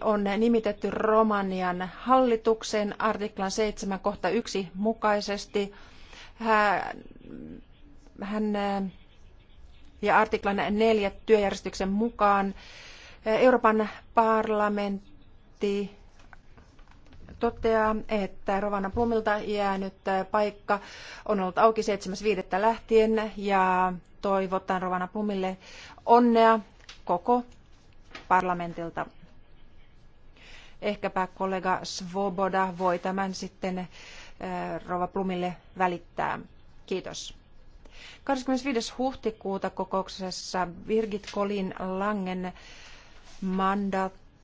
on nimitetty Romanian hallituksen artiklan 7 kohta 1 mukaisesti. Hän, ja artiklan 4 työjärjestyksen mukaan Euroopan parlamentti toteaa, että Rovana Plumilta jäänyt paikka on ollut auki 7.5. lähtien ja toivotan Rovana Plumille onnea koko parlamentilta. Ehkäpä kollega Svoboda voi tämän sitten eh, Rova Plumille välittää. Kiitos. 25. huhtikuuta kokouksessa Birgit Kolin Langen mandaatti